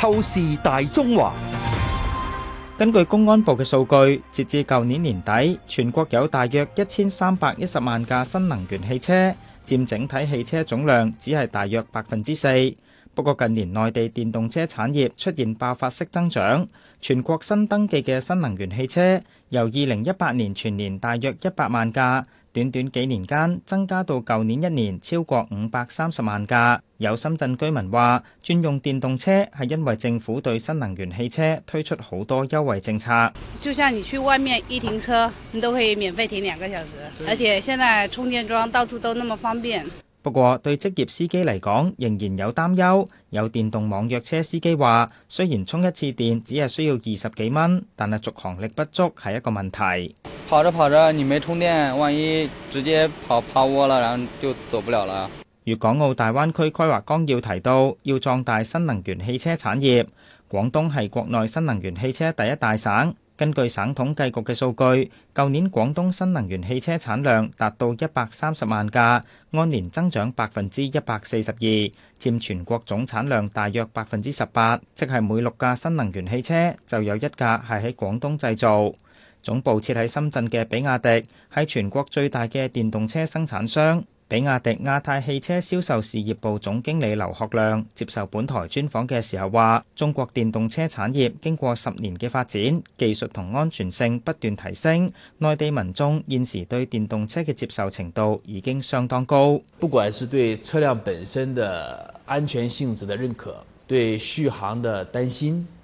透視大中華。根據公安部嘅數據，截至舊年年底，全國有大約一千三百一十萬架新能源汽車，佔整體汽車總量只係大約百分之四。不過近年內地電動車產業出現爆發式增長，全國新登記嘅新能源汽車由二零一八年全年大約一百萬架。短短幾年間，增加到舊年一年超過五百三十萬架。有深圳居民話，轉用電動車係因為政府對新能源汽車推出好多優惠政策。就像你去外面一停車，你都可以免費停兩個小時，而且現在充電樁到處都那麼方便。不過對職業司機嚟講，仍然有擔憂。有電動網約車司機話，雖然充一次電只係需要二十幾蚊，但係續航力不足係一個問題。跑着跑着你沒充電，萬一直接跑趴窩了，然後就走不了了。粵港澳大灣區規劃綱要提到，要壯大新能源汽車產業。廣東係國內新能源汽車第一大省。根據省統計局嘅數據，舊年廣東新能源汽車產量達到一百三十萬架，按年增長百分之一百四十二，佔全國總產量大約百分之十八，即係每六架新能源汽車就有一架係喺廣東製造。總部設喺深圳嘅比亞迪係全國最大嘅電動車生產商。比亞迪亞太汽車銷售事業部總經理劉學亮接受本台專訪嘅時候話，中國電動車產業經過十年嘅發展，技術同安全性不斷提升，內地民眾現時對電動車嘅接受程度已經相當高。不管是對車輛本身的安全性質的認可，對續航的擔心。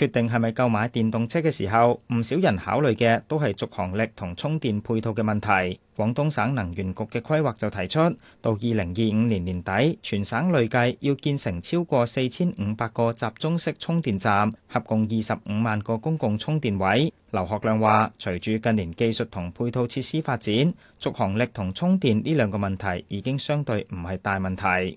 決定係咪購買電動車嘅時候，唔少人考慮嘅都係續航力同充電配套嘅問題。廣東省能源局嘅規劃就提出，到二零二五年年底，全省累計要建成超過四千五百個集中式充電站，合共二十五萬個公共充電位。劉學亮話，隨住近年技術同配套設施發展，續航力同充電呢兩個問題已經相對唔係大問題。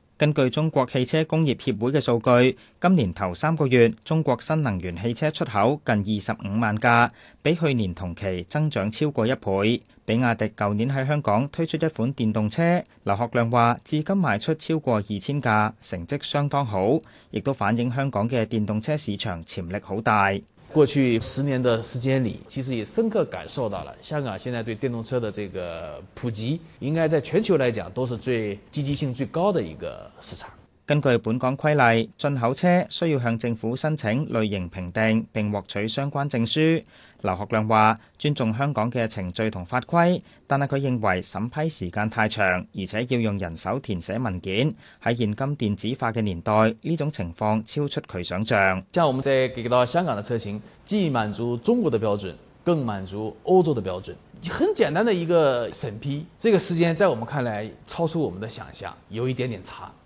根據中國汽車工業協會嘅數據，今年頭三個月中國新能源汽車出口近二十五萬架，比去年同期增長超過一倍。比亞迪舊年喺香港推出一款電動車，劉學亮話，至今賣出超過二千架，成績相當好，亦都反映香港嘅電動車市場潛力好大。過去十年的時間裏，其實也深刻感受到了香港現在對電動車的這個普及，應該在全球來講都是最積極性最高的一個市場。根據本港規例，進口車需要向政府申請類型評定並獲取相關證書。劉學亮話：尊重香港嘅程序同法規，但係佢認為審批時間太長，而且要用人手填寫文件。喺現今電子化嘅年代，呢種情況超出佢想象。即我們即係俾到香港嘅車型，既滿足中國的標準，更滿足歐洲的標準。很簡單的一個審批，這個時間在我們看來超出我們的想象，有一點點差。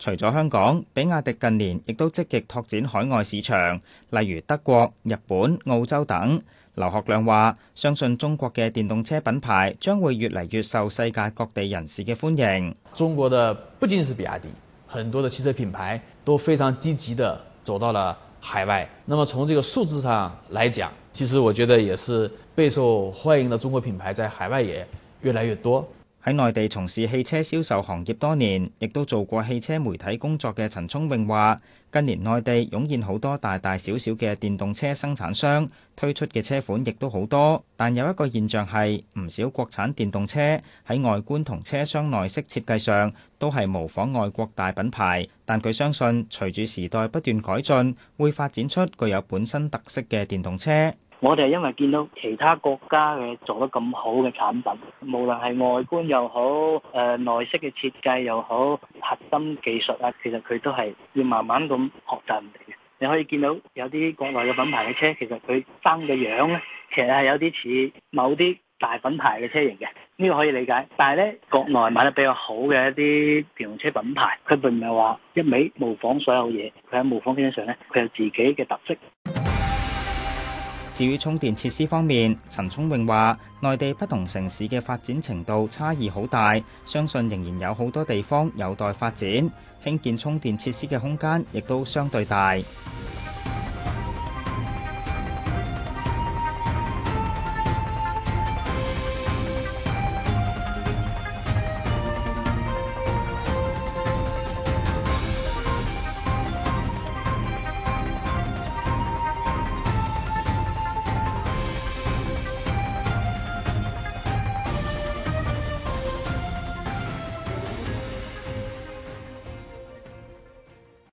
除咗香港，比亞迪近年亦都積極拓展海外市場，例如德國、日本、澳洲等。劉學亮話，相信中國嘅電動車品牌將會越嚟越受世界各地人士嘅歡迎。中國的不僅是比亞迪，很多的汽車品牌都非常積極的走到了海外。那麼從這個數字上來講，其實我覺得也是備受歡迎的中國品牌在海外也越來越多。喺內地從事汽車銷售行業多年，亦都做過汽車媒體工作嘅陳聰穎話：近年內地湧現好多大大小小嘅電動車生產商，推出嘅車款亦都好多。但有一個現象係，唔少國產電動車喺外觀同車廂內飾設計上都係模仿外國大品牌。但佢相信，隨住時代不斷改進，會發展出具有本身特色嘅電動車。我哋係因為見到其他國家嘅做得咁好嘅產品，無論係外觀又好，誒內飾嘅設計又好，核心技術啊，其實佢都係要慢慢咁學習人哋嘅。你可以見到有啲國內嘅品牌嘅車，其實佢生嘅樣咧，其實係有啲似某啲大品牌嘅車型嘅，呢個可以理解。但係咧，國內賣得比較好嘅一啲電動車品牌，佢並唔係話一味模仿所有嘢，佢喺模仿之上咧，佢有自己嘅特色。至於充電設施方面，陳聰穎話，內地不同城市嘅發展程度差異好大，相信仍然有好多地方有待發展，興建充電設施嘅空間亦都相對大。